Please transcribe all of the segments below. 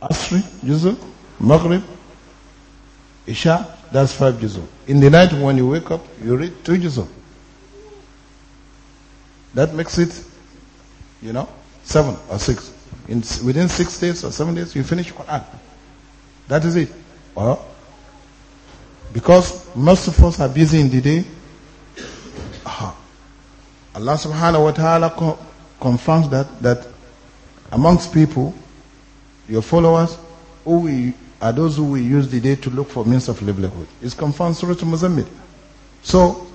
Asri, Juzul, Maghrib, Isha, that's five Juzul. In the night when you wake up, you read two Juzul. That makes it, you know, seven or six. In, within six days or seven days, you finish Quran. That is it. Well, because most of us are busy in the day, Allah subhanahu wa ta'ala confirms that, that amongst people, your followers who we, are those who we use the day to look for means of livelihood. It's confirmed Surah Muzammil. So,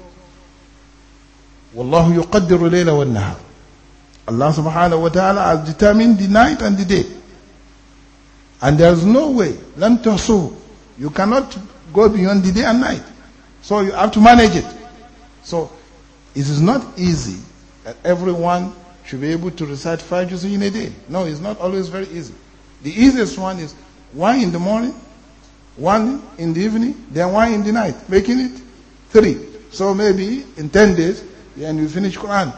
Wallahu yuqaddiru layla wa nahar. Allah subhanahu wa ta'ala has determined the night and the day. And there's no way, lam tahsu. You cannot go beyond the day and night. So you have to manage it. So it is not easy that everyone should be able to recite five juz in a day. No, it's not always very easy. The easiest one is one in the morning, one in the evening, then one in the night, making it three. So maybe in 10 days, and you finish Quran.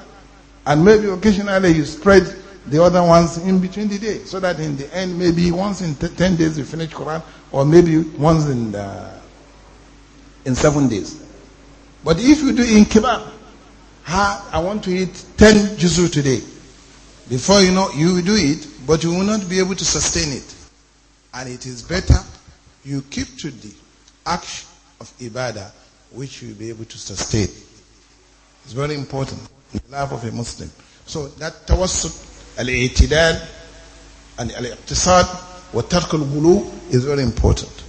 And maybe occasionally you spread the other ones in between the day, so that in the end, maybe once in 10 days you finish Quran, or maybe once in, the, uh, in seven days. But if you do in kebab, ha, I want to eat 10 juzu today. Before you know, you do it, but you will not be able to sustain it. And it is better you keep to the act of ibadah which you will be able to sustain. It's very important in the life of a Muslim. So that tawassut, al-i'tidal, and al-iqtisad, wa tark al is very important.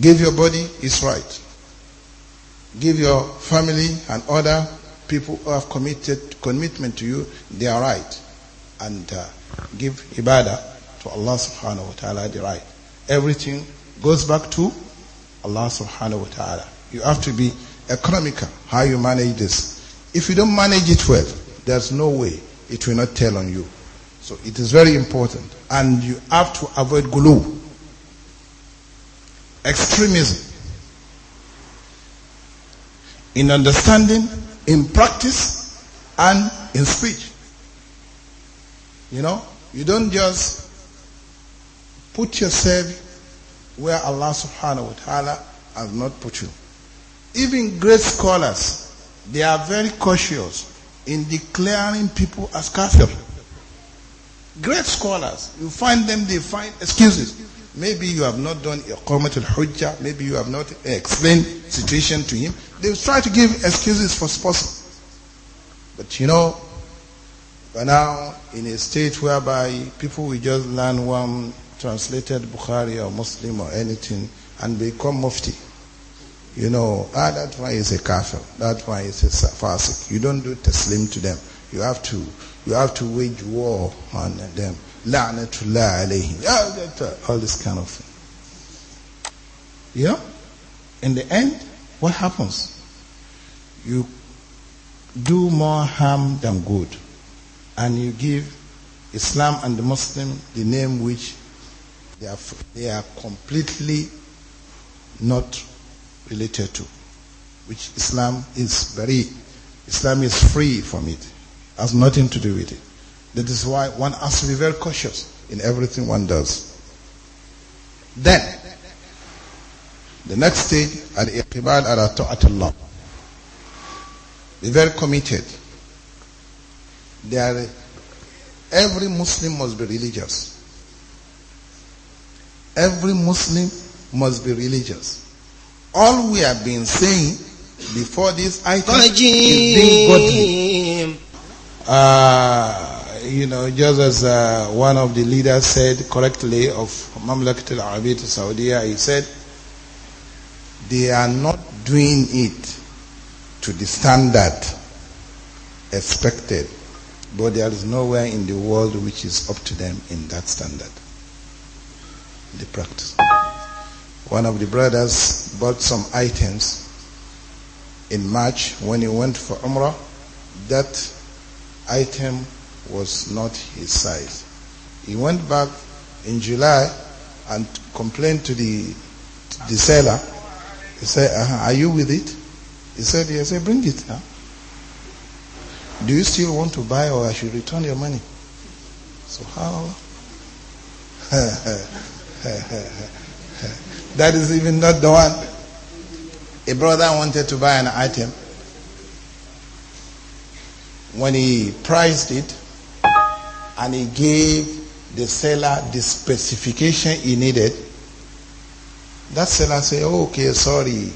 Give your body its right. Give your family and other people who have committed commitment to you their right and uh, give ibadah to Allah subhanahu wa ta'ala the right. Everything goes back to Allah subhanahu wa ta'ala. You have to be economical how you manage this. If you don't manage it well, there's no way it will not tell on you. So it is very important. And you have to avoid gulu, extremism. In understanding, in practice, and in speech. You know, you don't just put yourself where Allah subhanahu wa ta'ala has not put you. Even great scholars, they are very cautious in declaring people as kafir. Great scholars, you find them, they find excuses. Maybe you have not done Iqamat al-Hujjah, maybe you have not explained situation to him. They try to give excuses for possible. But you know, but now in a state whereby people will just learn one translated Bukhari or Muslim or anything and become mufti. You know, ah, that one is a kafir, that one is a fasik. You don't do taslim to them. You have to, you have to wage war on them. La'natullah alayhim. Uh, all this kind of thing. Yeah? In the end, what happens? You do more harm than good and you give Islam and the Muslim the name which they are, they are completely not related to, which Islam is very, Islam is free from it, has nothing to do with it. That is why one has to be very cautious in everything one does. Then, the next stage, al-iqbal ala ta'atullah. Be very committed they are, every Muslim must be religious. Every Muslim must be religious. All we have been saying before this item is being godly. Uh, you know, just as uh, one of the leaders said correctly of Mamlakat al Arabiya to Saudi, he said, they are not doing it to the standard expected but there is nowhere in the world which is up to them in that standard, the practice. One of the brothers bought some items in March when he went for Umrah. That item was not his size. He went back in July and complained to the, to the seller. He said, uh -huh, Are you with it? He said, Yes, I said, bring it now. Do you still want to buy or I should return your money? So how? that is even not the one. A brother wanted to buy an item. When he priced it and he gave the seller the specification he needed, that seller said, okay, sorry,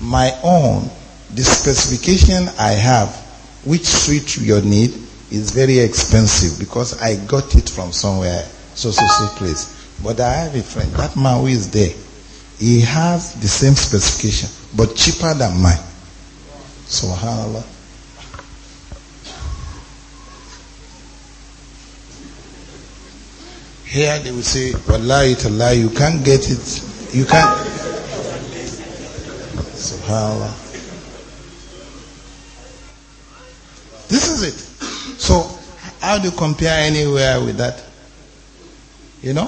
my own, the specification I have which suits you need is very expensive because I got it from somewhere, so, so, so place. But I have a friend, that man who is there, he has the same specification, but cheaper than mine. SubhanAllah. Here they will say, Wallahi lie, you can't get it. You can't. SubhanAllah. This is it. So, how do you compare anywhere with that? You know?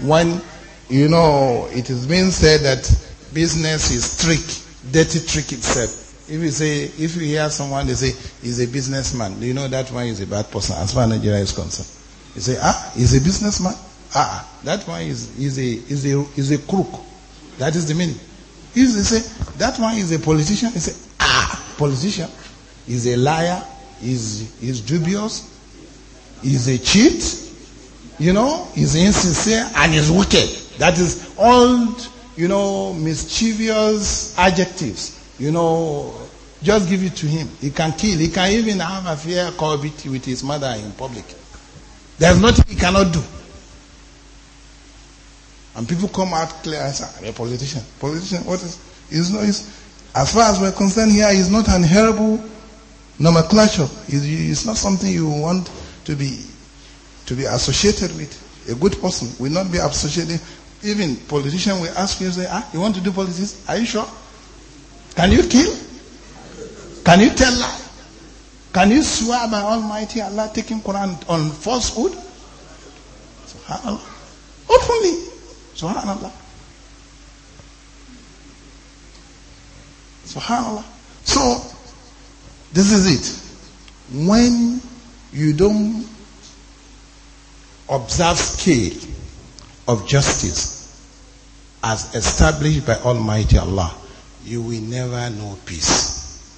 When, you know, it is being said that business is trick, dirty trick itself. If you say, if you hear someone, they say, he's a businessman. Do you know that one is a bad person as far as Nigeria is concerned? You say, ah, he's a businessman? Ah, that one is, is, a, is, a, is a crook. That is the meaning. If they say, that one is a politician, you say, ah, politician is a liar, is is dubious, is a cheat, you know, is insincere and is wicked. That is old, you know, mischievous adjectives. You know, just give it to him. He can kill. He can even have a fair cohabit with his mother in public. There's nothing he cannot do. And people come out clear and say, a politician. Politician, what is, it's not, it's, as far as we're concerned here, he's not an herbal nomenclature is, not something you want to be to be associated with. A good person will not be associated. Even politician will ask you, say, ah, you want to do politics? Are you sure? Can you kill? Can you tell lie? Can you swear by Almighty Allah taking Quran on falsehood? SubhanAllah. Openly. SubhanAllah. SubhanAllah. So this is it. When you don't observe scale of justice as established by Almighty Allah, you will never know peace.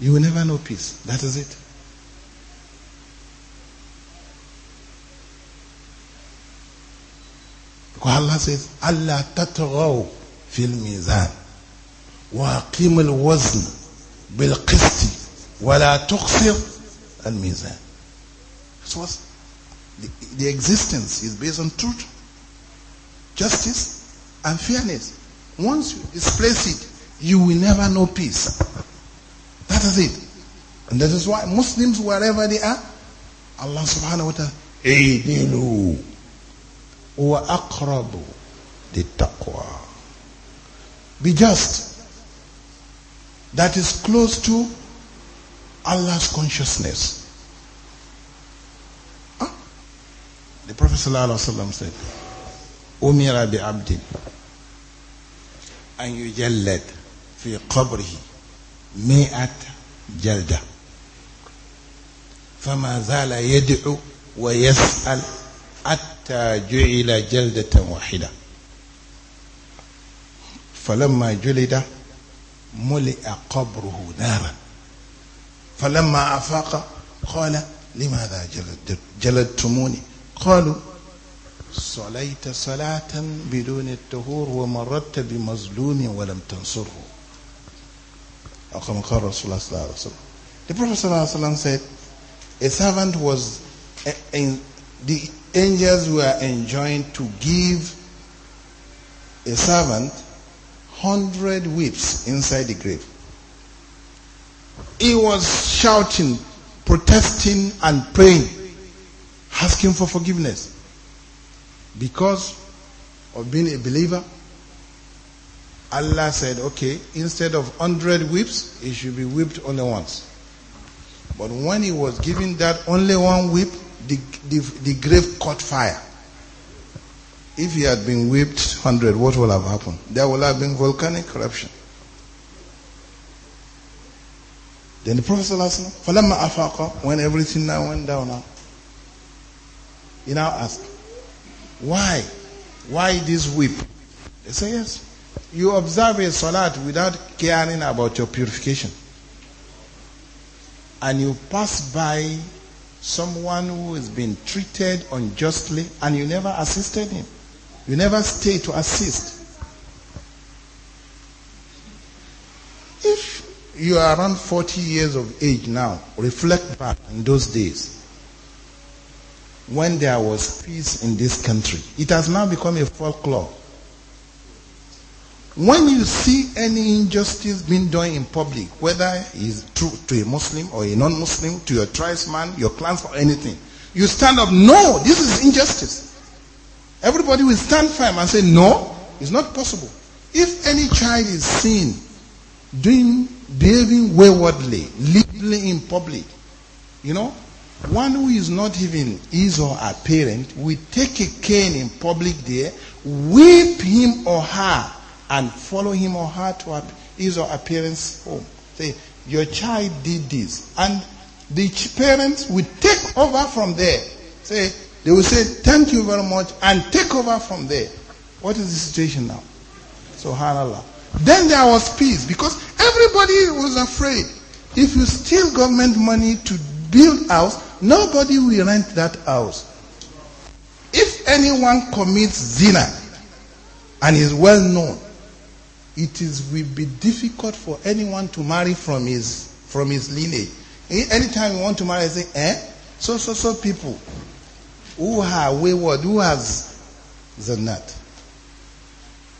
You will never know peace. That is it. Because Allah says, Allah tatghaw fil mizan. واقم الوزن بالقسط ولا تخسر الميزان this was the, the existence is based on truth justice and fairness once you displace it you will never know peace that is it and that is why Muslims wherever they are Allah subhanahu wa ta'ala اعدلوا وأقربوا taqwa be just that is close to Allah's consciousness. The Prophet said, Umira bi Abdi, and you jallad fi qabrihi mi'at jalda فما زال يدعو ويسأل حتى جعل جلدة واحدة فلما جلد ملئ قبره نارا فلما أفاق قال لماذا جلد جلدتموني قالوا صليت صلاة بدون الطهور ومرت بمظلوم ولم تنصره أقام قال رسول الله صلى الله عليه وسلم The Prophet صلى الله عليه وسلم said a servant was in, the angels were enjoined to give a servant hundred whips inside the grave. He was shouting, protesting, and praying, asking for forgiveness because of being a believer. Allah said, okay, instead of hundred whips, he should be whipped only once. But when he was given that only one whip, the, the, the grave caught fire. If he had been whipped 100, what would have happened? There would have been volcanic corruption. Then the Prophet ﷺ, when everything now went down, he now asked, why? Why this whip? They say, yes. You observe a salat without caring about your purification. And you pass by someone who has been treated unjustly and you never assisted him. You never stay to assist. If you are around 40 years of age now, reflect back in those days when there was peace in this country. It has now become a folklore. When you see any injustice being done in public, whether it's true to a Muslim or a non-Muslim, to your tribesman, your clans, or anything, you stand up, no, this is injustice. Everybody will stand firm and say, No, it's not possible. If any child is seen doing, behaving waywardly, legally in public, you know, one who is not even his or her parent will take a cane in public there, whip him or her, and follow him or her to his or her parents' home. Say, Your child did this. And the parents will take over from there. Say, they will say, Thank you very much, and take over from there. What is the situation now? SubhanAllah. Then there was peace because everybody was afraid. If you steal government money to build house, nobody will rent that house. If anyone commits zina and is well known, it is, will be difficult for anyone to marry from his, from his lineage. Anytime you want to marry, say, eh? So, so, so people who are wayward, who has the nut.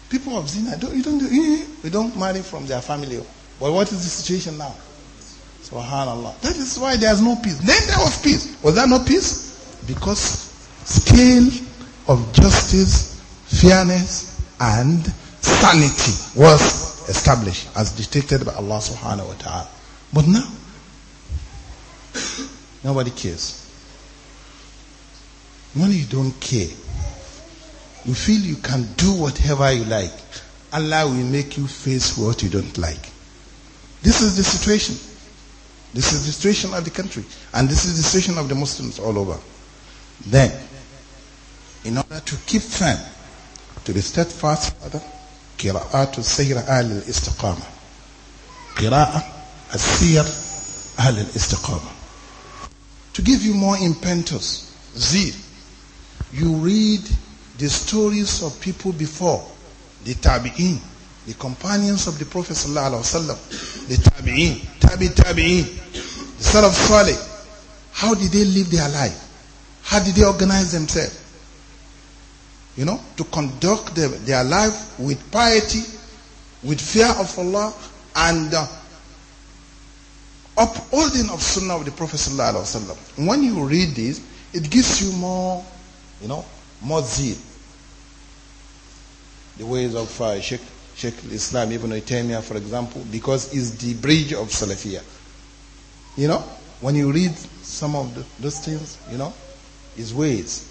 People of Zina, don't, you don't do, we eh, eh, don't marry from their family. But what is the situation now? Subhanallah. That is why there's no peace. Then there was peace. Was there no peace? Because scale of justice, fairness, and sanity was established as dictated by Allah subhanahu wa ta'ala. But now, nobody cares. When you don't care, you feel you can do whatever you like. Allah will make you face what you don't like. This is the situation. This is the situation of the country. And this is the situation of the Muslims all over. Then, in order to keep firm to the steadfast father, قراءات السير أهل الاستقامة قراءة السير أهل الاستقامة to give you more impetus zeal you read the stories of people before, the tabi'in, the companions of the Prophet Wasallam, the tabi'in, tabi tabi'in, the Salaf Salih. How did they live their life? How did they organize themselves? You know, to conduct their, their life with piety, with fear of Allah, and uh, upholding of Sunnah of the Prophet Sallallahu Alaihi Wasallam. When you read this, it gives you more you know, more zeal. The ways of uh, Sheikh, Sheikh Islam, Ibn Taymiyyah, for example, because it's the bridge of Salafiyah. You know, when you read some of the, those things, you know, his ways,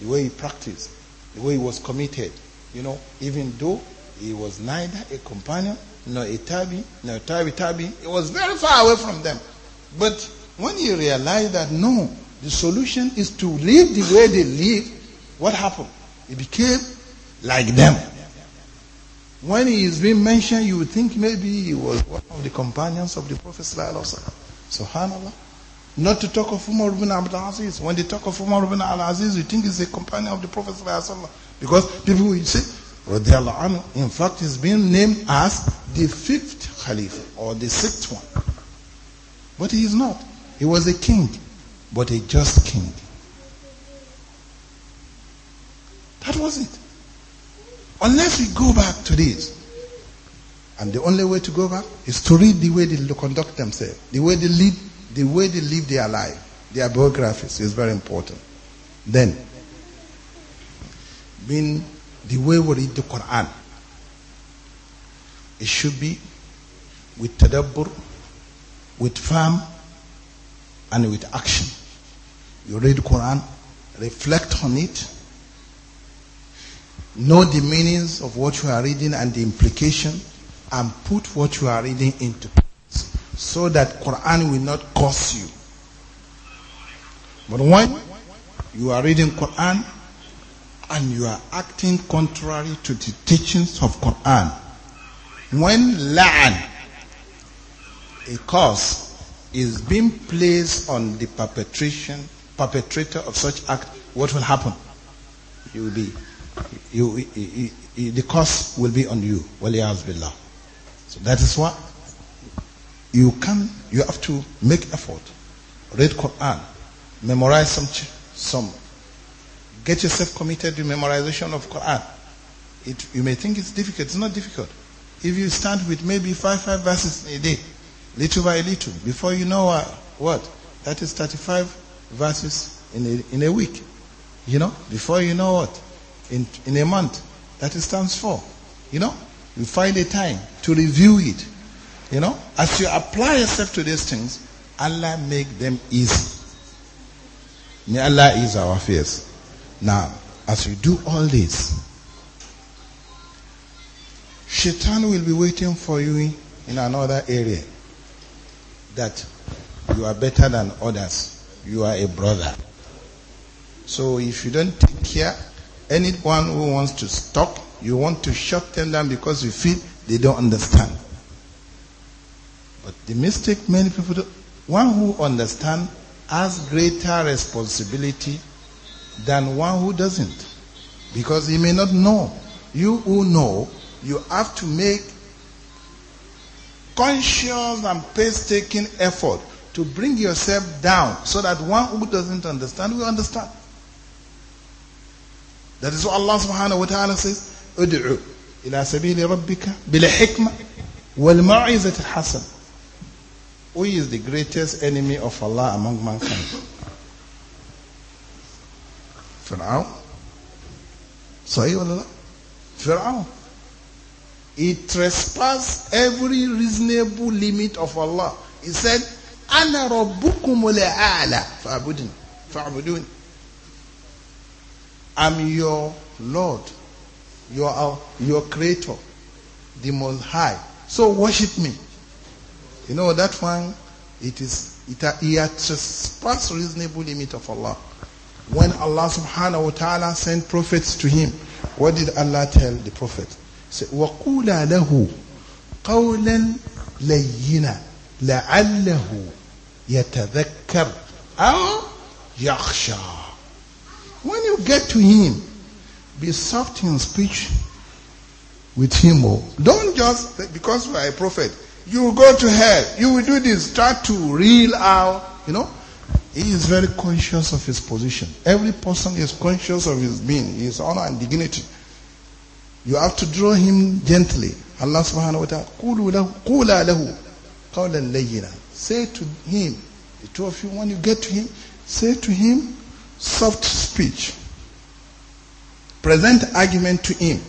the way he practiced, the way he was committed, you know, even though he was neither a companion nor a tabi, nor a tabi tabi, he was very far away from them. But when you realize that no, the solution is to live the way they live. What happened? He became like them. When he is being mentioned, you would think maybe he was one of the companions of the Prophet. Subhanallah. Not to talk of Umar ibn al Aziz. When they talk of Umar ibn Al Aziz, you think he's a companion of the Prophet. Because people will say, anhu. In fact, he's being named as the fifth Caliph or the sixth one. But he is not. He was a king but a just king. That was it. Unless we go back to this. And the only way to go back is to read the way they conduct themselves, the way they lead, the way they live their life, their biographies is very important. Then, being the way we read the Quran, it should be with tadabbur, with firm, and with action. You read Quran, reflect on it, know the meanings of what you are reading and the implication, and put what you are reading into practice so that Quran will not curse you. But when you are reading Quran and you are acting contrary to the teachings of Quran, when la'an, a curse, is being placed on the perpetration perpetrator of such act, what will happen? You will be, you, you, you the curse will be on you. Waliyaz billah. So that is why you can, you have to make effort. Read Quran, memorize some, some. Get yourself committed to memorization of Quran. It, you may think it's difficult. It's not difficult. If you start with maybe five, five verses a day, little by little, before you know what that is 35 verses in a, in a week. You know, before you know what, in, in a month, that it stands for. You know, you find a time to review it. You know, as you apply yourself to these things, Allah make them easy. May Allah ease our fears. Now, as you do all this, Shaitan will be waiting for you in another area that you are better than others you are a brother. So if you don't take care, anyone who wants to stalk, you want to shut them down because you feel they don't understand. But the mistake many people do, one who understands has greater responsibility than one who doesn't. Because he may not know. You who know, you have to make conscious and painstaking effort to bring yourself down so that one who doesn't understand will understand. That is what Allah subhanahu wa ta'ala says, Udu'u ila sabili rabbika bil hikmah wal ma'izat hasan. Who is the greatest enemy of Allah among mankind? Fir'aun. Sahih Allah, Fir'aun. He trespassed every reasonable limit of Allah. He said, أنا ربكم الأعلى فاعبدني فاعبدوني I'm your Lord your, uh, your creator the most high so worship me you know that one it is it, it has past reasonable limit of Allah when Allah subhanahu wa ta'ala sent prophets to him what did Allah tell the prophet say وَقُولَ لَهُ قَوْلًا لَيِّنًا لَعَلَّهُ يتذكر أو يخشى when you get to him be soft in speech with him oh. don't just because you are a prophet you will go to hell you will do this try to reel out you know he is very conscious of his position every person is conscious of his being his honor and dignity you have to draw him gently allah subhanahu wa ta'ala Say to him, the two of you, when you get to him, say to him soft speech. Present argument to him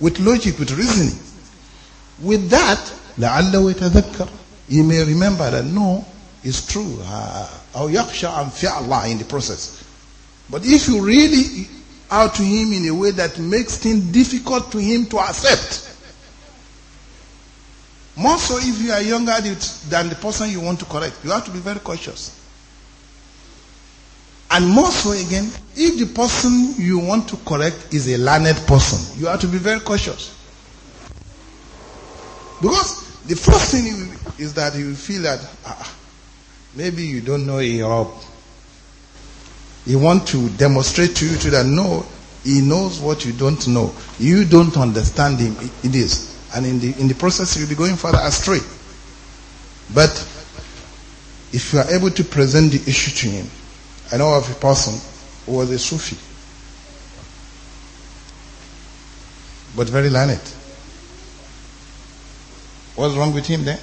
with logic, with reasoning. With that, لَعَلَّهُ يَتَذَكَّرُ He may remember that no, it's true. أَوْ يَخْشَى أَنْ فِعَ اللَّهِ in the process. But if you really out to him in a way that makes things difficult to him to accept, more so if you are younger than the person you want to correct. You have to be very cautious. And more so again, if the person you want to correct is a learned person, you have to be very cautious. Because the first thing is that you feel that ah, ah, maybe you don't know Europe. He want to demonstrate to you that no, he knows what you don't know. You don't understand him. It is and in the, in the process you'll be going further astray. But if you are able to present the issue to him, I know of a person who was a Sufi, but very learned. What's wrong with him then?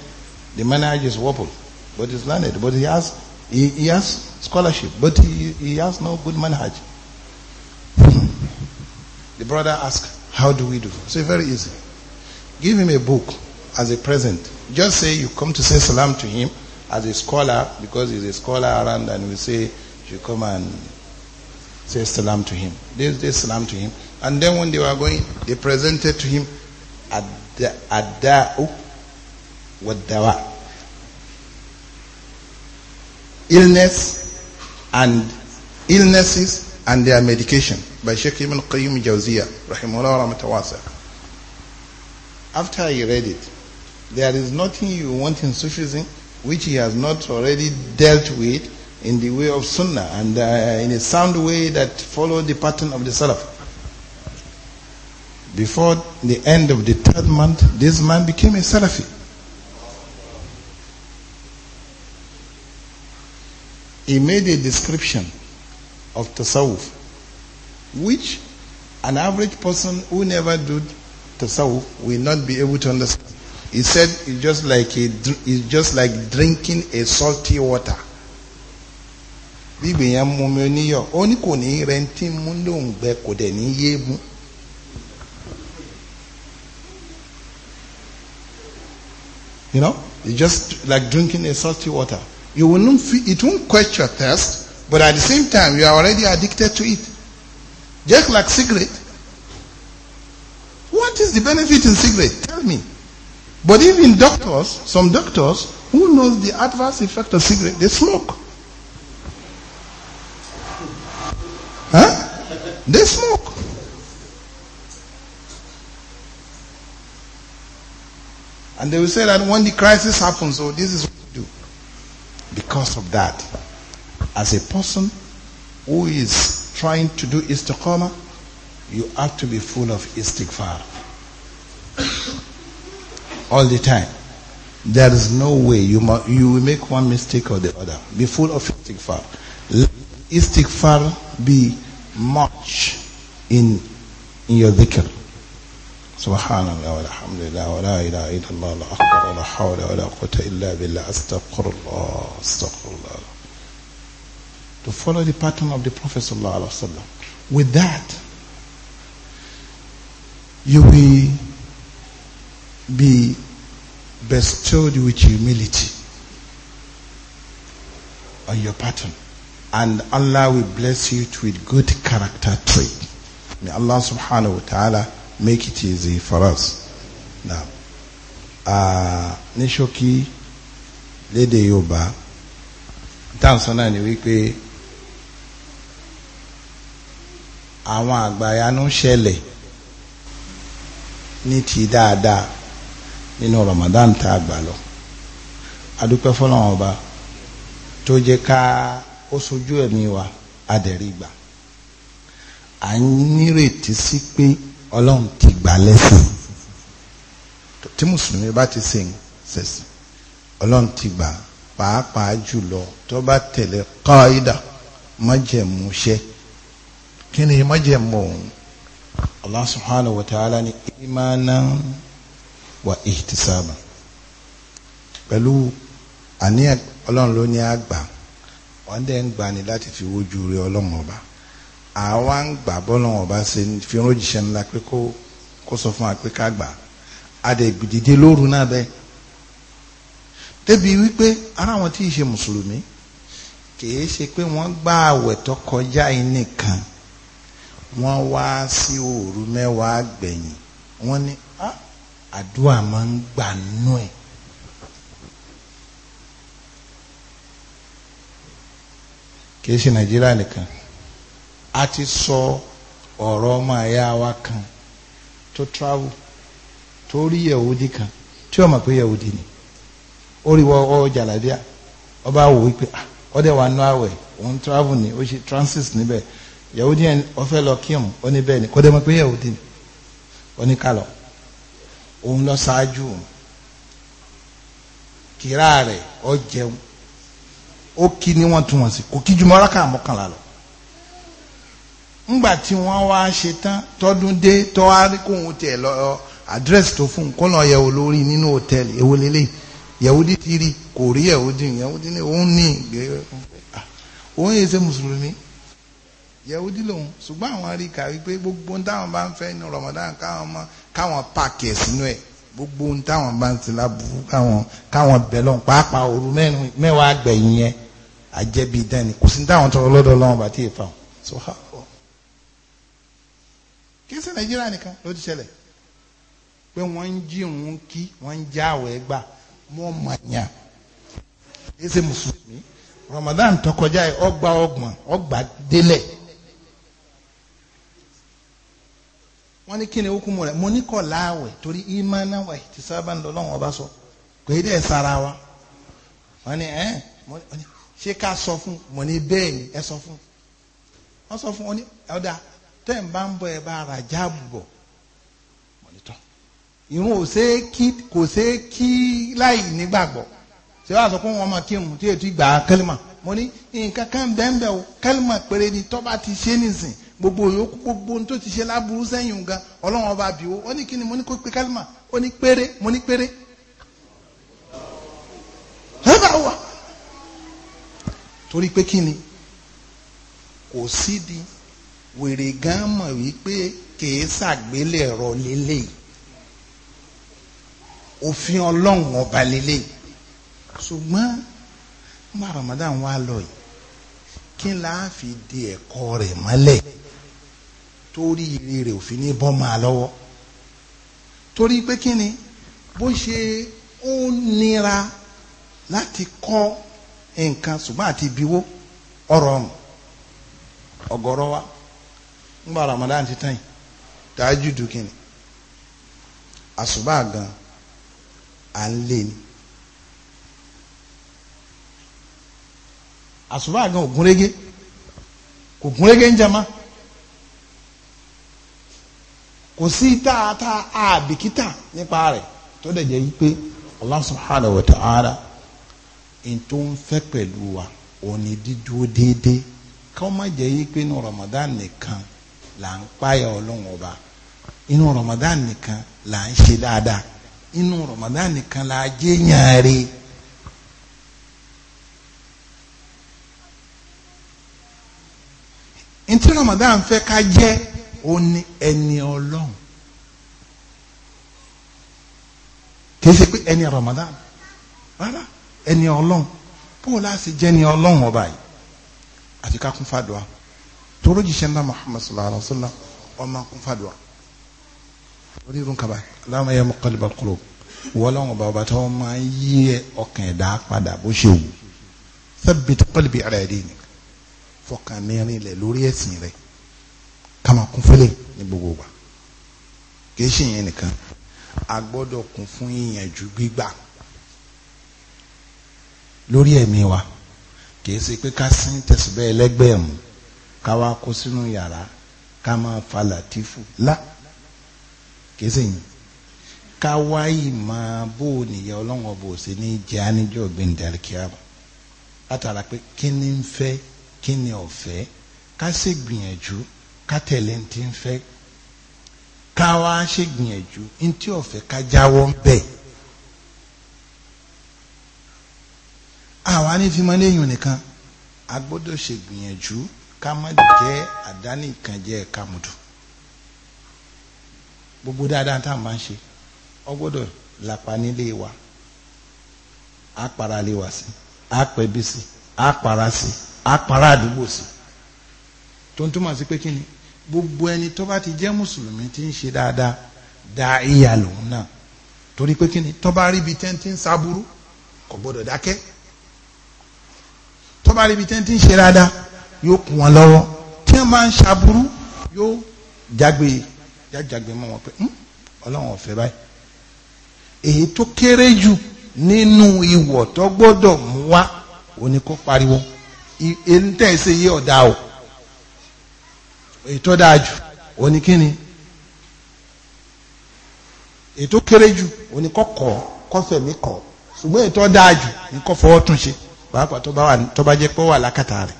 The manage is wobbled, but he's learned, but he has he, he has scholarship, but he, he has no good manhaj. the brother asked, How do we do? So very easy. Give him a book as a present. Just say you come to say salam to him as a scholar because he's a scholar around and we say you come and say salam to him. They say salam to him. And then when they were going, they presented to him Adda'u Waddawa. Illness and illnesses and their medication by Sheikh Ibn Qayyim Jawziyah, rahimahullah wa after he read it, there is nothing you want in Sufism which he has not already dealt with in the way of Sunnah and uh, in a sound way that followed the pattern of the Salaf. Before the end of the third month, this man became a Salafi. He made a description of tasawuf, which an average person who never did tasawwuf oh, we not be able to understand. He said it's just like a, it's just like drinking a salty water. Bí gbìyàn mú mi oníyọ̀, ó ní kò ní rẹ mú lóun gbẹ kò dẹ̀ ní yé mú. You know, it's just like drinking a salty water. You will not feel, it won't quench your thirst, but at the same time you are already addicted to it. Just like cigarette, What is the benefit in cigarette? Tell me. But even doctors, some doctors, who knows the adverse effect of cigarette? They smoke. Huh? They smoke. And they will say that when the crisis happens, oh, this is what you do. Because of that, as a person who is trying to do istiqamah, you have to be full of istighfar. All the time. There is no way you, mu- you will make one mistake or the other. Be full of istighfar. Let istighfar be much in, in your dhikr. سبحان الله والحمد لله ولا إله إلا الله لا أكبر ولا حول ولا قوة إلا بالله أستغفر الله أستغفر الله to follow the pattern of the Prophet sallallahu alaihi wasallam with that you will be bestowed with humility on your pattern. And Allah will bless you with good character trait. May Allah subhanahu wa ta'ala make it easy for us. Now, nishoki uh, ní ṣókí léde ni wípé àwọn àgbàyanu ṣẹlẹ̀ ní ti dáadáa nínú Ramadan tá a gbà lọ adúpẹ́ fọlọ́wọ́n ọba tó jẹ́ ká ó sojú ẹ̀mí wa adẹ̀rí gbà à ń nírètí sí pé ọlọ́run ti gbà lẹ́sìn tí mùsùlùmí bá ti sìn sẹ̀sìn ọlọ́run ti gbà pàápàá jùlọ tó bá tẹ̀lé kọ́ìdà májẹ̀múṣẹ́ kí ni májẹ̀mú òun Allah subhanahu wa ta'ala ni imanan wa ihtisaba pẹ̀lú àníyàn ọlọ́run ló ní àgbà wọ́n dẹ̀ ń gbà ní láti fi wojú rẹ ọlọ́run ọba àwa ń gbà bọ́lọ́run ọba ṣe fi ránṣẹ́ ńlá pé kó kó sọ fún wa pé ká gbà á dẹ̀ gbìdìde lóru náà bẹ́ẹ̀ débi wípé ara wọn tí ì ṣe mùsùlùmí kìí ṣe pé wọ́n gba àwẹ̀ tó kọjá yìí nìkan wọ́n wá sí òru mẹ́wàá gbẹ̀yìn wọ́n ní ah àdúrà máa ń gbà nú ẹ̀. kì í ṣe nàìjíríà nìkan a ti sọ ọ̀rọ̀ ọmọ ẹ̀yà wa kan tó travel tó rí yẹ̀wòdì kan tí ó pé yẹ̀wòdì ni ó rí wọ́ọ́ jàlábíà ọba wò wípé ọdẹ ah, wa nú àwẹ̀ òun travel ni ó ṣe transit níbẹ̀ yẹ̀wòdì yẹn ó fẹ́ lọ kírun ní ni kó dẹ́ pé yẹ̀wòdì ni ọ ní kálọ̀. òun lọ ṣáájú òun kìrá rẹ̀ ọ jẹun ó kí ni wọ́n tún wọ́n sí kò kí ju mọ́ráká mọ́kànlá lọ. ńgbà tí wọ́n wá ṣe tán tọ́dún dé tọ́wárí kóhun tiẹ̀ lọ àdírẹ́sì tó fún un kó lọ yẹ̀wò lórí nínú hòtẹ́ẹ̀lì èwo lélẹ̀ yẹ̀wòdì ti rí kò rí yẹ̀wòdì yẹ̀wòdì ni òun ní ìgbé òun ah, yẹ ṣe mùsùlùmí yẹwudi lòun ṣùgbọ́n àwọn rí kà wípé gbogbo ohun táwọn bá ń fẹ́ inú Ramadan káwọn mọ káwọn pààkì ẹ̀ sínú ẹ̀ gbogbo ohun táwọn bá ń ti láburú káwọn káwọn bẹ̀lọ̀ pàápàá òru mẹ́wàá gbẹ̀yìn yẹn àjẹbí dání kò sí táwọn tọrọ lọ́dọ̀ lọ́wọ́ bá tí ì fa wọn. kí sí Nàìjíríà nìkan ló ti ṣẹlẹ̀ pé wọ́n ń jí òun kí wọ́n ń já àwẹ̀ gbà wọ́n Ramadan tó kọjá yìí ọgbà ọgbọ̀n wọ́n ní kí ni okùn mu rẹ̀ mo ní kọ̀ láàwẹ̀ torí ìmánà wà ti sábà ń lọ lọ́wọ́ ọba sọ kò í dẹ̀ sara wa wọ́n ní ẹ́ ṣé ká sọ fún mo ní bẹ́ẹ̀ ni ẹ sọ fún wọ́n sọ fún wọn ní ọ̀dà tẹ́ ń bá ń bọ̀ ẹ bá ara já bọ̀ mo ní tán irun ò ṣe é kí kò ṣe é kí láì nígbàgbọ́ ṣé wàá sọ pé wọn máa kí mu tí ètò ìgbà kẹlẹ́mà mo ní nǹkan kan bẹ́ẹ̀ bẹ́ẹ̀ o kẹlẹ́mà péré ni tọ́ bá ti ṣe nísìnyí gbogbo yòókù gbogbo ohun tó ti ṣe láburú sẹ́yìn gan ọlọ́run ọba bìí ó ní kí ni mo ní kó pe kálímà ó ní péré mo ní péré lọ́ba wà torí pé kí ni kò sídi wèrè gan mọ̀ wípé kìí ṣàgbélẹ̀rọ lélẹ́yìí òfin ọlọ́run ọba lélẹ́yìí ṣùgbọ́n nígbà Ramadan wà lọ yìí kí n láà fi di ẹ̀kọ́ rẹ̀ mọ́lẹ̀. torí ire rẹ̀ ò fi ní bọ́ máa lọ́wọ́ torí pé kí ni bó ṣe ó nira láti kọ́ nǹkan ṣùgbọ́n àti ibiwó ọ̀rọ̀ ọ̀hún ọ̀gọ̀rọ̀ wa nígbà Ramadan ti tán yìí tàájúdù kí ni àṣùbà gan à ń gan ògúnrégé kò gúnrégé kò sí tààtà àbìkítà nípa rẹ̀ tó dẹ̀ jẹ́ wípé Allah subhanahu wa ta'ala n tó ń fẹ́ pẹ̀lú wa òní dídúró déédéé ká má jẹ́ wípé inú Ramadan nìkan là ń páyà ọlọ́run ọba inú Ramadan nìkan là ń ṣe dáadáa inú Ramadan nìkan là á jẹ́ yàn rèé. ntí Ramadan fẹ́ ká jẹ́ ó ní ẹni ọlọ́run kì í ṣe pé ẹni Ramadan rárá ẹni ọlọ́run bó la ṣe jẹ́ ni ọlọ́run ọba yìí àti ká kún fàdùà tóró jíṣẹ́ ńlá Muhammad sallallahu alayhi wa sallam ọmọ kún fàdùà onírun kaba Allahumma ya muqallibal qulub wọ́lọ́run ọba ọba tí wọ́n máa ń yí ọkàn ẹ̀dá padà bó ṣe wù thabbit qalbi ala dinik fọkàn mẹ́rin lẹ̀ lórí ẹ̀sìn rẹ̀. Kama máa kún fẹ́lẹ̀ ní gbogbo ìgbà kì ṣe ìyẹn nìkan a gbọ́dọ̀ kún fún ìyànjú gbígbà lórí ẹ̀mí wa kì í ṣe pé ká sín tẹ̀síbẹ́ ẹlẹ́gbẹ̀ẹ́ mú ká wá kó sínú yàrá ká máa fa làtífù lá kì í ṣe yẹn ká wá ìmọ̀ bó o nìyẹn ọlọ́wọ́n bó o ṣe ní jẹ́ àníjọ́ gbẹ̀ndẹ̀ríkìá látara pé kí ni ń fẹ́ kí ni ọ̀fẹ́ ká sì gbìyànjú ká tẹ̀lé ní ti ń fẹ́ ká wá ṣègbìyànjú ní tí ọ̀fẹ́ ká jáwọ́ bẹ́ẹ̀. àwa ní fi mọ léyìn nìkan a gbọ́dọ̀ ṣègbìyànjú ká má jẹ́ àdánìkànjẹ́ kàmùdù gbogbo dáadáa tá à ń ń ṣe ọ gbọ́dọ̀ làpá nílé wa á para lé wa sí á pẹbí sí á para sí á para àdúgbò sí tó sí pé kí ni gbogbo ẹni tó bá ti jẹ́ mùsùlùmí ti ń ṣe dáadáa da ìyà lòun náà torí pé kíni tó bá rí ibi tẹ́ ń ti ń sábúrú kò gbọ́dọ̀ dákẹ́ tó bá rí ibi tẹ́ ń ti ń ṣe dáadáa yóò kún wọn lọ́wọ́ tí wọ́n máa ń sábúrú yóò jágbe jágbe mọ́ wọn pé hmm, ọlọ́run ọ̀fẹ́ báyìí èyí tó kéré jù nínú ìwọ̀ tó gbọ́dọ̀ mú wá òní kó pariwo ẹ̀ ń tẹ̀ ṣe yé ọ̀dà o ètò dáa jù òní kíni ètò kéré jù òní kọ́kọ́ kọ́fẹ̀mí kọ́ ṣùgbọ́n ètò dáa jù ní kọ́ fọwọ́ tún ṣe pàápàá tó bá wà tó bá jẹ́ pé ó wà lákàtà rẹ̀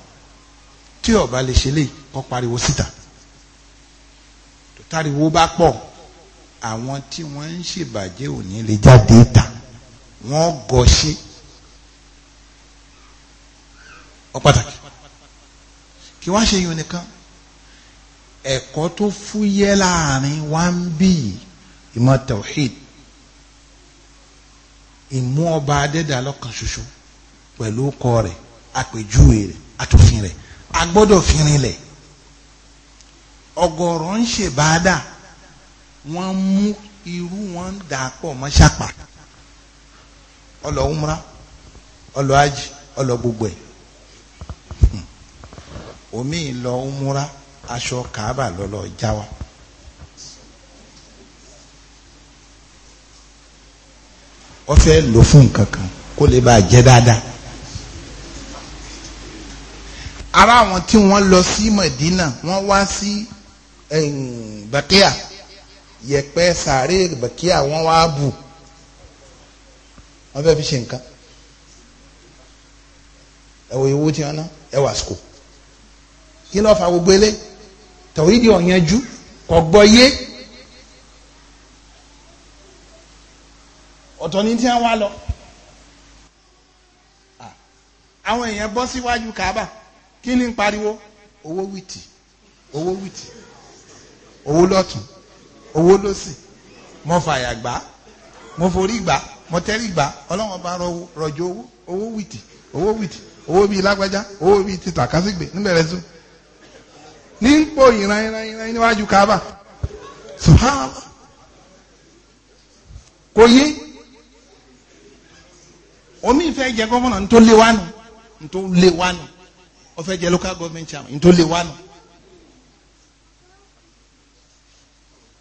tí ó bá lè ṣe lè kọ́ pariwo síta tó bá pọ̀ àwọn tí wọ́n ń ṣèbàjẹ́ òní lè jáde ìta wọ́n gọ̀ ọ pàtàkì kí wọ́n ṣe yun nìkan ẹ̀kọ́ tó fúyẹ́ láàrin wá ń bí ìmọ̀ tawhid ìmú ọba adẹ́dà lọ́kàn ṣoṣo pẹ̀lú ọkọ rẹ̀ àpèjúwe rẹ̀ àtòfin rẹ̀ a gbọ́dọ̀ fìrin lẹ̀ ọ̀gọ̀rọ̀ ń ṣe báadà wọ́n mú irú wọn dà pọ̀ mọ́ ṣàpà ọlọ umra ọlọ ajì ọlọ gbogbo ẹ̀ omi lọ umra. aṣọ kàábà lọ́lọ́ já wa. wọ́n fẹ́ lò fún nǹkan kó lè bá a jẹ́ dáadáa. ara àwọn tí wọ́n lọ sí Mẹ̀dínà wọ́n wá sí Bàkíyà yẹ̀pẹ̀ sàárè Bàkíyà wọ́n wá bù wọ́n fẹ́ fi ṣe nǹkan ẹ̀wọ̀ ìwú tí wọ́n ná ẹ̀wọ̀ àsìkò kí ló fa gbogbo eléyìí tàwídì ọ̀yanjú ọ̀gbọ́yé ọ̀tọ̀ ní tí wọ́n wá lọ àwọn èèyàn bọ́ síwájú kaaba kí ni ń pariwo owó wìtì owó wìtì owó lọ́tún owó lọ́sì mo fàyà gbà mo forí gbà mo tẹ́rí gbà ọlọ́wọ́n bá rọjò owó owó wìtì owó wìtì owó bíi lágbájá owó bíi títà kásìgbè níbẹ̀rẹ̀ sùn. ní ń pò ìran ìran ìran níwájú kaaba subhanallah kò yé omi ìfẹ́ jẹ gọ́vọ́nà ní lé nù lé nù ọfẹ́ jẹ local government chairman ní lé nù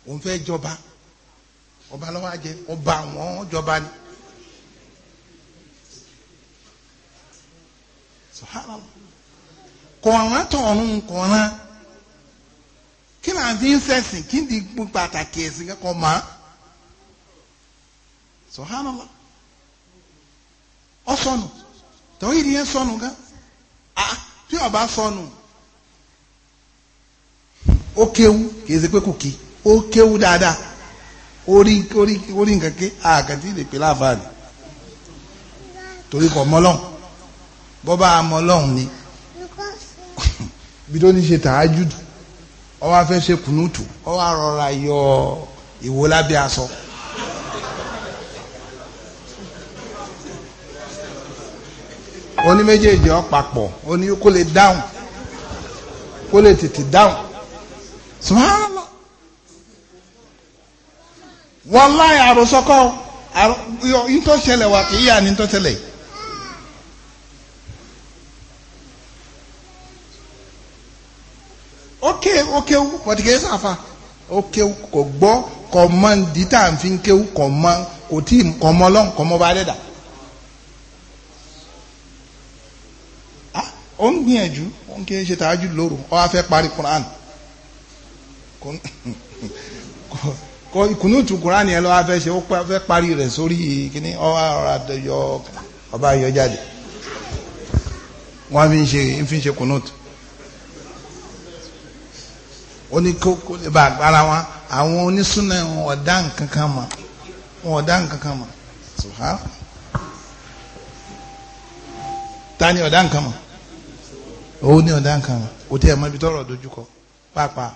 òun fẹ́ jọba ọba lọ́wọ́ ajẹ ọba jọba ni kí là ń fi ń sẹ̀sìn kí n di pàtàkì ẹ̀sìn kankan mọ́ sọ̀hánàlá ọ sọnù tọ́wọ́ ìdí yẹn sọnù gan ah tí ọba sọnù ó kéwu kì í ṣe pé kò kí ó kéwu dáadáa orí orí orí nǹkan ké àkàtì lè pè láǹfààní torí kò mọ́lọ́n bọ́bá mọ́lọ́n ni bí tó ní ṣe tàájú dùn ó wá fẹ́ ṣe kùnúùtù ó wá rọra yọ ìwo lábẹ́ aṣọ. oní méjèèjì ọ̀pàpọ̀ oní kó lè dáhùn kó lè tètè dáhùn subhanallah wallahi àròsọkọ ìtọ́ṣẹlẹ̀ wà kì í yà ní yìí. ó ké ó kéwú pọ̀tí kéé sàfà ó kéwú kò gbọ́ kò mọ ndí tá à ń fi kéwú kò mọ kò tí kò mọ lọ́n kò mọ bá dẹ́dà. Ah, ó ń gbìyànjú ó ń kéé ṣe tàájú lóru ó wá fẹ́ parí Quran kò ìkùnúùtù Quran yẹn lọ́wọ́ fẹ́ ṣe ó fẹ́ parí rẹ̀ sórí kíní ọ̀rọ̀ àdéyọ ọba yọ jáde wọ́n fi ń ṣe kùnúùtù oníkókó lè bá agbára wọn àwọn onísúná wọn ọ̀dá nǹkan kan mọ̀ wọn ọ̀dá nǹkan kan mọ̀ ta ni ọ̀dá nǹkan mọ̀ òun ni ọ̀dá nǹkan mọ̀ òtí ẹ̀ mọ́ ibi tọ́rọ̀ dojúkọ pàápàá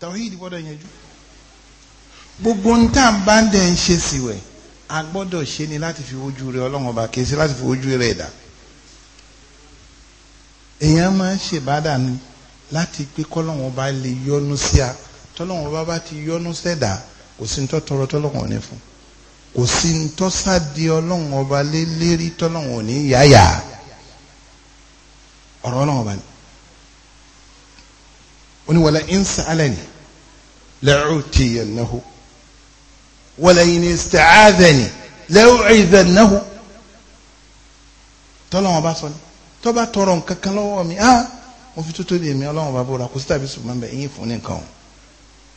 tàwíìdì gbọ́dọ̀ yẹn jú gbogbo ń tà bá ń dẹ̀ ń ṣe síwẹ̀ a gbọ́dọ̀ ṣe ni láti fi ojú rẹ ọlọ́run ọba kìí ṣe láti fi ojú rẹ dà èèyàn máa ń ṣèbádà ni láti pé kọ́lọ́wọ́n bá lè yọ́nú sí a tọ́lọ́wọ́n bá bá ti yọ́nú sẹ́dá kò sí ní tọ́ tọrọ tọ́lọ́wọ́n ní fún kò sí ní tọ́ sáde ọlọ́wọ́n ọba lé lérí tọ́lọ́wọ́n ní yáyà ọ̀rọ̀ ọlọ́wọ́n ọba ni oníwàlá insa alẹ́ni la'utiyannahu wala in ista'adhani la'u'idhannahu tọ́lọ́wọ́n bá sọ ni tọ́ tọrọ nǹkan kan lọ́wọ́ mi ah mo fi tótó di èmi ọlọ́run bàbá òrà kò sí tàbí ṣùgbọ́n bẹ́ẹ̀ yín fún ní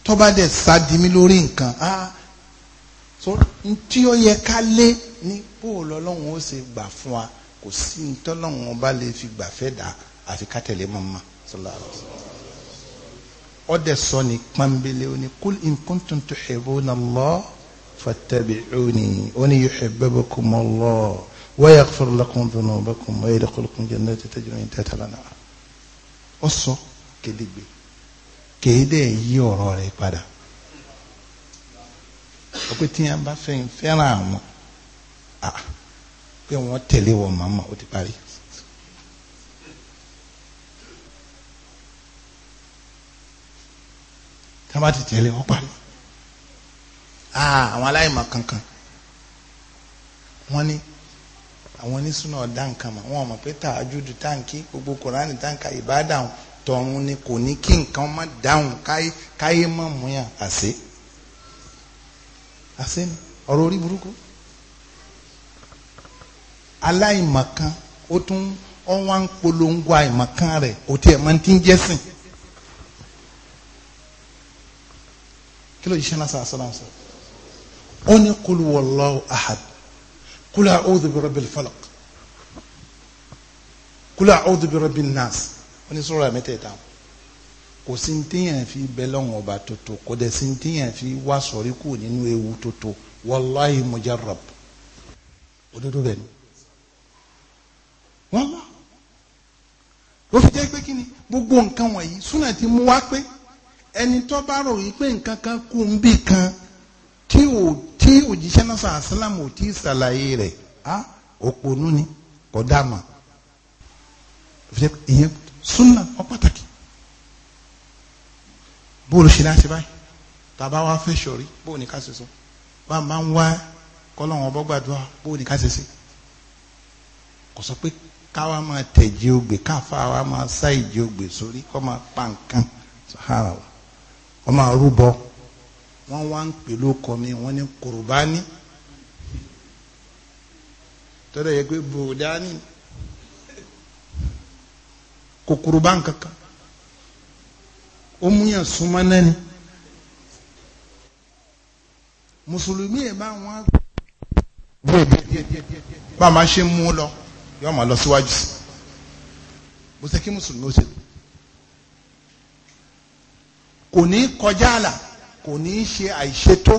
tó bá dẹ̀ sádi mi lórí nǹkan á so tí ó yẹ ká lé ní bóòlù ọlọ́run ó ṣe gbà fún wa kò sí ní tọ́lọ́run ọba lè fi gbà fẹ́ dà àfi ká tẹ̀lé mọ́mọ́ sọlá ọdẹ sọ ní pọ́nbélé ó ní kúl in kuntum tuhibbuna Allah fattabi'uni ó ní yuhibbukum Allah wa yaghfir lakum dhunubakum wa yadkhulukum jannatin tajri min tahtiha al-anhar ọ sọ kedegbe kéde yí ọ̀rọ̀ rẹ̀ padà ọpẹ tí yẹn bá fẹ́ fẹ́ràn àwọn pé wọ́n tẹ̀lé wọ màmá ó ti parí. tábà ti tẹ̀lé wọ́n parí. àwọn aláìmọ̀ kankan wọ́n ní. àwọn onísùnà ọ̀dá nǹkan ma wọn mọ̀ pé tàájúdù táǹkì gbogbo kòránì táǹkà ìbádàn tọ̀run ni kò ní kí nǹkan má dáhùn káyé má mú àṣẹ àṣẹ ni ọ̀rọ̀ orí burúkú aláìmọ̀kan ó tún ọ wá ń polongo àìmọ̀kan rẹ̀ kò tiẹ̀ máa ti ń jẹ́sìn kí ló ahad. قل أعوذ برب الفلق قل أعوذ برب الناس wọ́n ní sọ́ra mẹ́tẹ̀ẹ̀ta kò sí ní téèyàn fi bẹ́lọ́n ọba tótó kò dẹ̀ sí ní téèyàn fi wá sọ̀rí kù nínú ewu tótó wàláhì mujarrab òdodo bẹ́ẹ̀ ni wọ́n wá ló fi jẹ́ pé kí ni gbogbo nǹkan wọ̀nyí súnà ti mú wá pé ẹni tó bá rò yí pé nǹkan kan kú ń bì kan tí ò tí òjíṣẹ́ náà sàásálàmù ò tí ì ṣàlàyé rẹ̀ á òpònú ni kò dáàmà ìyẹn súnà ọ pàtàkì bóòlù ṣe láti báyìí tàbá wa fẹ́ sọ̀rí bóòlù ní ká ṣe sọ bá a máa ń wá kọ́lọ́hún ọbọ̀ gbàdúrà bóòlù ní ká ṣe sí kò sọ pé káwa máa tẹ̀jẹ́ ogbè káfa wa máa sá ìjẹ́ ogbè sórí kọ́ máa pa nǹkan sàhárà wa kọ́ máa rúbọ wọ́n wá ń pè lóko mi wọ́n ní kùrùbání tọ́lá yẹ pé bòdání kò kùrùbá kankan ó múyàn súnmọ́ náà ni mùsùlùmí ẹ̀ bá wọn bá a máa ṣe mú lọ yóò máa lọ síwájú sí bó ṣe kí mùsùlùmí ó ṣe kò ní kọjá àlà. kò ní í ṣe àìṣètò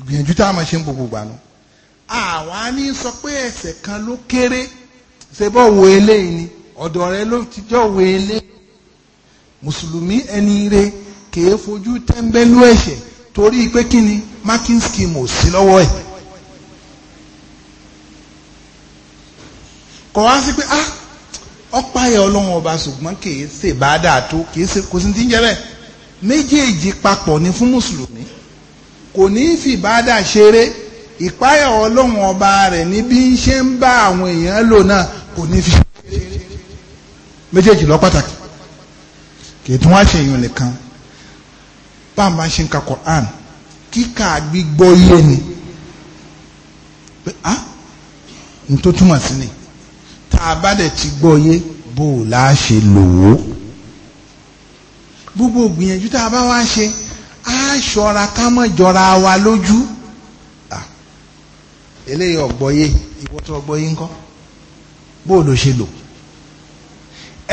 ìgbìyànjú tá a máa ṣe ń gbogbo gbànú àwa ní sọ pé ẹsẹ̀ kan ló kéré ṣe bọ́ wo eléyìí ni ọ̀dọ̀ rẹ ló ti jọ́ wo eléyìí mùsùlùmí ẹni rẹ kèé fojú tẹ́ńbẹ́lú ẹ̀ṣẹ̀ torí pé kí ni marking scheme ò sí lọ́wọ́ ẹ̀ kọ̀ wá sí pé ah ọ̀pá ẹ̀ ọlọ́run ọba ṣùgbọ́n kèé ṣèbádà tó kèé ṣe kò sí ti ń jẹ́ bẹ́ẹ̀. méjèèjì papọ̀ ni fún mùsùlùmí kò ní í fi ìbádà ṣeré ìpáyà ọlọ́run ọba rẹ̀ ní bí ń ṣe ń bá àwọn èèyàn lò náà kò ní fi ṣeré méjèèjì lọ pàtàkì kì í tún wá ṣe èèyàn nìkan bá a máa ṣe ń ka Quran kíkà gbígbọ́ yé ni pé ah n tó túmọ̀ sí ni tá a bá dẹ̀ ti gbọ́ yé bó o láá ṣe gbogbo gbìyànjú tá a bá wá ṣe á ṣọ́ra ká mọ̀ jọra wa lójú eléyìí ọ̀gbọ́yé ìwọ tó ọgbọ́yé ńkọ́ bó o lò ṣe lò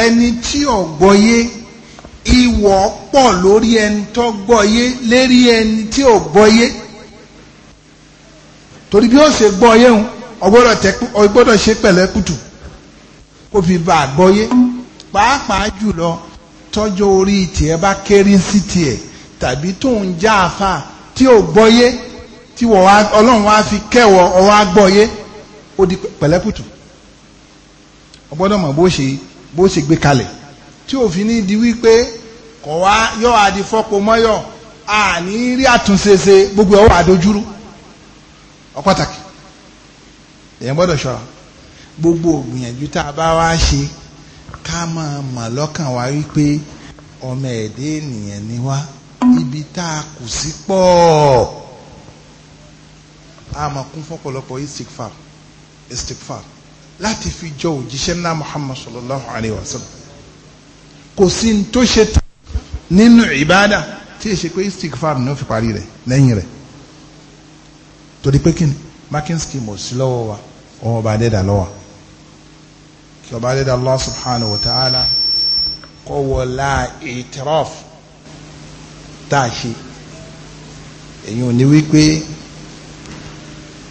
ẹni tí ọ̀gbọ́yé ìwọ pọ̀ lórí ẹni tó gbọ́yé lérí ẹni tí ò gbọ́yé torí bí ó ṣe gbọ́yé ń ọgbọ́dọ̀ ṣe pẹ̀lẹ́kùtù kó fi bá a gbọ́yé pàápàá jùlọ tọ́jọ́ orí tiẹ̀ bá kéré sí tiẹ̀ tàbí tó ń já àfa tí ò gbọ́yé tí ọlọ́run wá fi kẹ́wọ̀ ọwọ́ agbọ́yé ó di pẹ̀lẹ́kùtù ọgbọ́dọ̀ mọ̀ bó ṣe bó ṣe gbé kalẹ̀ tí òfin ní di wípé kọ̀ wá yọ àdìfọ́po mọ́yọ̀ àní rí àtúnṣe ṣe gbogbo ọwọ́ àdójúrú ọpàtàkì èèyàn gbọ́dọ̀ ṣọ́ra gbogbo ògbìyànjú tá a bá wá ṣe ká máa mọ̀ lọ́kàn wa wípé ọmọ ẹ̀dẹ́ ènìyàn ni wá ibi tá a kù sí pọ̀ a máa kún fọ́pọ̀lọpọ̀ istikfar istikfar láti fi jọ òjíṣẹ́ ńlá Muhammad sallallahu alayhi wa sallam kò sí ní tó ṣe tán nínú ìbáàdà tí èsì pé istikfar ni ó fi parí rẹ̀ lẹ́yìn rẹ̀ torí pé kí ni Makinski mọ̀ sí lọ́wọ́ wa ọmọ ọba adẹ́dà lọ́wọ́ wa sọba dẹ́dà Allah subhanahu wa ta'ala kọ́ wọlá ìtìrọ́f tá a ṣe èyí ò ní wípé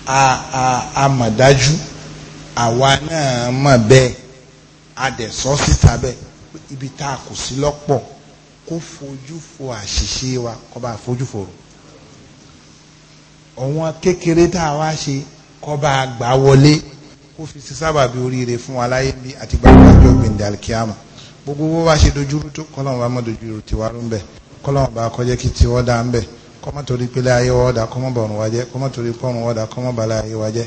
a a a mọ̀ dájú àwa náà mọ̀ bẹ́ẹ̀ a dẹ̀ sọ síta bẹ́ẹ̀ ibi tá a kù sí lọ́pọ̀ kó fojú fo àṣìṣe wa kọ́ fojú fòrò ọ̀wọ́n kékeré tá a wá ṣe kọ́ gbà wọlé kó fi ṣe sábàbí oríire fún wa láyé bí àti gbàgbọ́ àjọ gbèǹdé alikiyama gbogbo bó bá ṣe dojúrú tó kọ́lọ́mù bá má dojúrú tiwa ló ń bẹ̀ kọ́lọ́mù bá kọjá kí tiwọ́ dá ń bẹ̀ kọ́mọ́ torí pélé ayé wọ́ dá kọ́mọ́ bọ̀rùn wá jẹ́ kọ́mọ́ torí pọ́rùn wọ́ dá kọ́mọ́ bàlẹ́ ayé wá jẹ́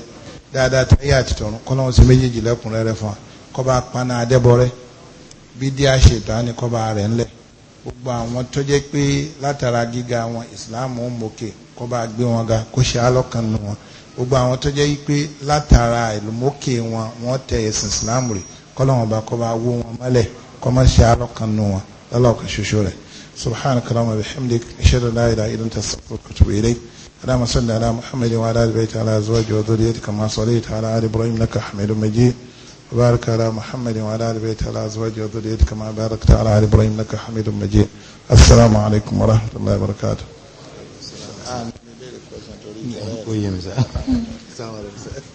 dáadáa táyé àti tọ̀run kọ́lọ́mù sí méjèèjì lẹ́kùnrẹ́rẹ́ fún wa kọ́ba gbogbo àwọn tó jẹ́ wípé látara ìlúmọ́kè wọn wọ́n tẹ ẹ̀sìn islam rè kọ́lọ́wọ́n bá kọ́ bá wó wọn mọ́lẹ̀ kọ́ má ṣe nù wọn lọ́la ọ̀kan ṣoṣo rẹ̀ subhanaka allahumma bihamdik ashhadu an la ilaha illa anta astaghfiruka wa atubu ilayk اللهم صل على محمد وعلى ال بيته على ازواجه وذريته كما صليت على ال ابراهيم انك حميد مجيد وبارك على محمد وعلى ال بيته على ازواجه وذريته كما باركت ali ibrahim ابراهيم انك maji مجيد السلام wa rahmatulahi wa وبركاته Uyuyayım bize. Sağ olun.